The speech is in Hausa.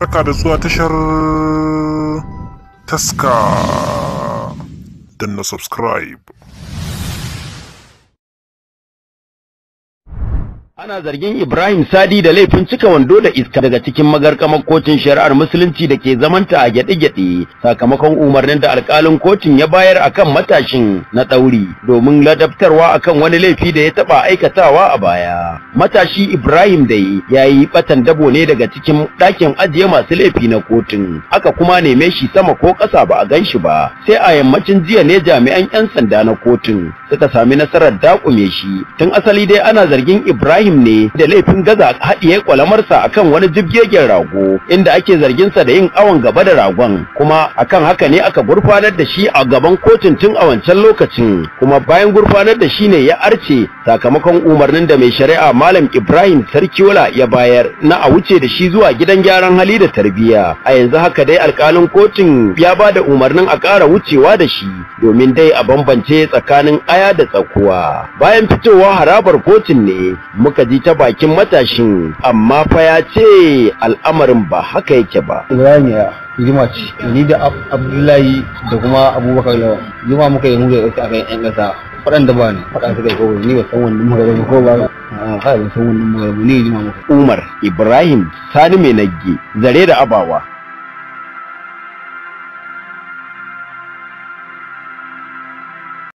Barka da zuwa tashar taska. na subscribe. Ana zargin Ibrahim Sadi da laifin cika wando da iska daga cikin magarkamar kotun shari'ar musulunci da ke zamanta a gyaɗe-gyaɗe sakamakon umarnin da alƙalin kotun ya bayar akan matashin na ɗauri domin ladabtarwa akan wani laifi da ya taɓa aikatawa a baya. Matashi Ibrahim da ya yi ɓatan dabo ne daga cikin ɗakin ajiye masu laifi na kotun. Aka kuma neme shi sama ko ƙasa ba a gan shi ba. Sai a yammacin jiya ne jami'an 'yan sanda na kotun suka sami nasarar dakume shi tun asali dai ana zargin Ibrahim ne da laifin gaza haɗiye kwalamarsa akan wani jibgegen rago inda ake zargin sa da yin awon gaba da ragon kuma akan haka ne aka gurfanar da shi a gaban kotun tun a wancan lokacin kuma bayan gurfanar da shi ne ya arce sakamakon umarnin da mai shari'a Malam Ibrahim Sarkiola ya bayar na a wuce da shi zuwa gidan gyaran hali da tarbiyya a yanzu haka dai alƙalin kotun ya ba da umarnin a ƙara wucewa da shi domin dai a bambance tsakanin aya da tsakuwa bayan fitowa harabar kotun ne muka ji ta bakin matashin amma fa ya ce al'amarin ba haka yake ba Ibrahimiya rigima ce ni da Abdullahi da kuma Abubakar Lawan rigima muka yi mu da a akan ƴan ƙasa faɗan ba ne faɗa suka yi ko ni ba san wani magana ko ba ha ban san wani magana ne rigima muka Umar Ibrahim Sani Mai Nagge zare da abawa